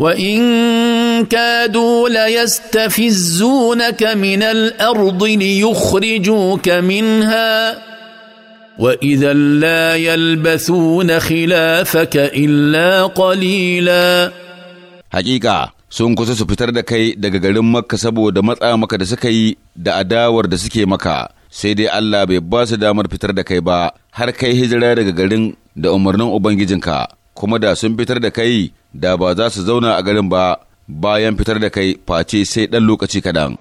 وان كادوا ليستفزونك من الارض ليخرجوك منها واذا لا يلبثون خلافك الا قليلا حقيقه sun kusa su fitar da kai daga garin makka saboda matsa maka da suka yi da adawar da suke maka sai dai Allah bai ba su damar fitar da kai ba har kai hijira daga garin da umarnin ubangijinka kuma da sun fitar da kai da ba za su zauna a garin ba bayan fitar da kai face sai ɗan lokaci kaɗan.